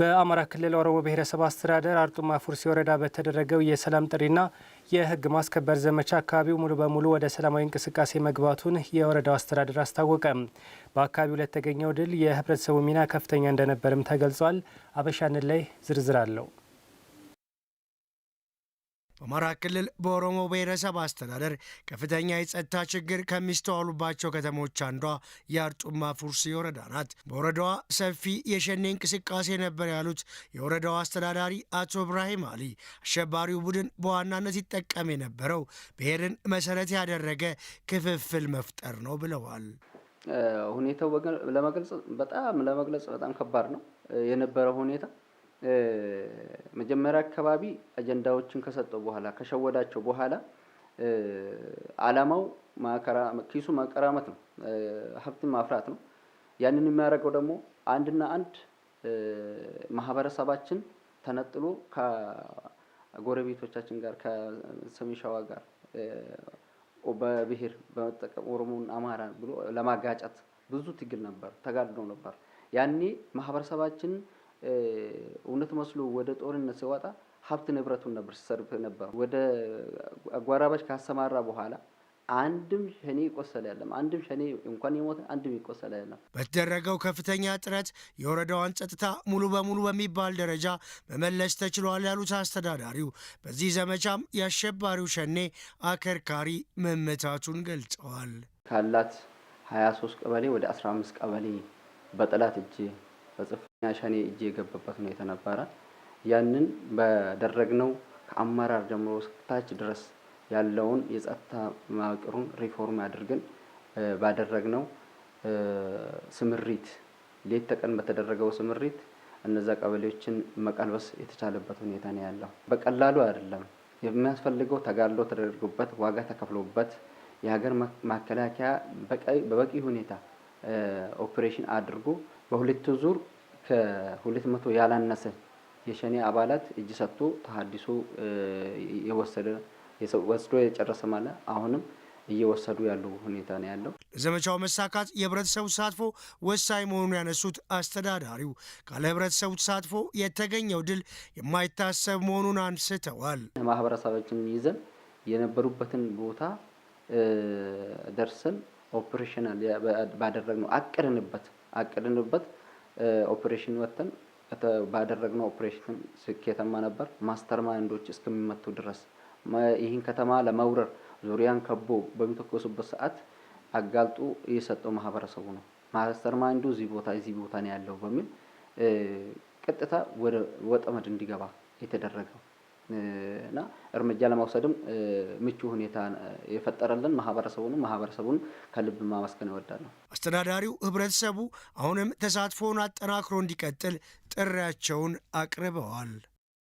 በአማራ ክልል ኦሮሞ ብሔረሰብ አስተዳደር አርጡማ ፉርሲ ወረዳ በተደረገው የሰላም ጥሪና የህግ ማስከበር ዘመቻ አካባቢው ሙሉ በሙሉ ወደ ሰላማዊ እንቅስቃሴ መግባቱን የወረዳው አስተዳደር አስታወቀ። በአካባቢው ለተገኘው ድል የህብረተሰቡ ሚና ከፍተኛ እንደነበርም ተገልጿል። አበሻንን ላይ ዝርዝር አለው። በአማራ ክልል በኦሮሞ ብሔረሰብ አስተዳደር ከፍተኛ የጸጥታ ችግር ከሚስተዋሉባቸው ከተሞች አንዷ የአርጡማ ፉርሲ ወረዳ ናት። በወረዳዋ ሰፊ የሸኔ እንቅስቃሴ ነበር ያሉት የወረዳው አስተዳዳሪ አቶ እብራሂም አሊ አሸባሪው ቡድን በዋናነት ይጠቀም የነበረው ብሔርን መሰረት ያደረገ ክፍፍል መፍጠር ነው ብለዋል። ሁኔታው ለመግለጽ በጣም ለመግለጽ በጣም ከባድ ነው የነበረው ሁኔታ መጀመሪያ አካባቢ አጀንዳዎችን ከሰጠው በኋላ ከሸወዳቸው በኋላ አላማው ኪሱ ማቀራመት ነው፣ ሀብትን ማፍራት ነው። ያንን የሚያደርገው ደግሞ አንድና አንድ ማህበረሰባችን ተነጥሎ ከጎረቤቶቻችን ጋር ከሰሜን ሸዋ ጋር በብሄር በመጠቀም ኦሮሞን አማራ ብሎ ለማጋጨት ብዙ ትግል ነበር፣ ተጋድሎ ነበር። ያኔ ማህበረሰባችን እውነት መስሎ ወደ ጦርነት ሲወጣ ሀብት ንብረቱን ነበር ሲሰርፍ ነበር። ወደ አጓራባች ካሰማራ በኋላ አንድም ሸኔ ይቆሰለ ያለም አንድም ሸኔ እንኳን የሞተ አንድም ይቆሰለ ያለም። በተደረገው ከፍተኛ ጥረት የወረዳዋን ጸጥታ ሙሉ በሙሉ በሚባል ደረጃ መመለስ ተችሏል ያሉት አስተዳዳሪው፣ በዚህ ዘመቻም የአሸባሪው ሸኔ አከርካሪ መመታቱን ገልጸዋል። ካላት 23 ቀበሌ ወደ 15 ቀበሌ በጠላት እጅ በጽፈ ሸኔ እጅ የገባበት ሁኔታ ነበረ። ያንን በደረግነው ከአመራር ጀምሮ እስከታች ድረስ ያለውን የጸጥታ መዋቅሩን ሪፎርም አድርገን ባደረግነው ስምሪት ሌት ተቀን በተደረገው ስምሪት እነዛ ቀበሌዎችን መቀልበስ የተቻለበት ሁኔታ ነው ያለው። በቀላሉ አይደለም የሚያስፈልገው ተጋድሎ ተደርጎበት ዋጋ ተከፍሎበት የሀገር መከላከያ በበቂ ሁኔታ ኦፕሬሽን አድርጎ በሁለቱ ዙር ከሁለት መቶ ያላነሰ የሸኔ አባላት እጅ ሰጥቶ ተሀድሶ የወሰደ ወስዶ የጨረሰ ማለት አሁንም እየወሰዱ ያሉ ሁኔታ ነው ያለው። ለዘመቻው መሳካት የህብረተሰቡ ተሳትፎ ወሳኝ መሆኑን ያነሱት አስተዳዳሪው ካለ ህብረተሰቡ ተሳትፎ የተገኘው ድል የማይታሰብ መሆኑን አንስተዋል። ማህበረሰባችን ይዘን የነበሩበትን ቦታ ደርሰን ኦፕሬሽናል ባደረግነው አቅድንበት አቅድንበት ኦፕሬሽን ወጥተን ባደረግነው ኦፕሬሽን ስኬታማ ነበር። ማስተር ማይንዶች እስከሚመቱ ድረስ ይህን ከተማ ለመውረር ዙሪያን ከቦ በሚተኮሱበት ሰዓት አጋልጦ የሰጠው ማህበረሰቡ ነው። ማስተር ማይንዱ እዚህ ቦታ እዚህ ቦታ ነው ያለው በሚል ቀጥታ ወደ ወጠመድ እንዲገባ የተደረገው እና እርምጃ ለመውሰድም ምቹ ሁኔታ የፈጠረልን ማህበረሰቡንም ማህበረሰቡን ከልብ ማመስገን እወዳለሁ። አስተዳዳሪው ህብረተሰቡ አሁንም ተሳትፎውን አጠናክሮ እንዲቀጥል ጥሪያቸውን አቅርበዋል።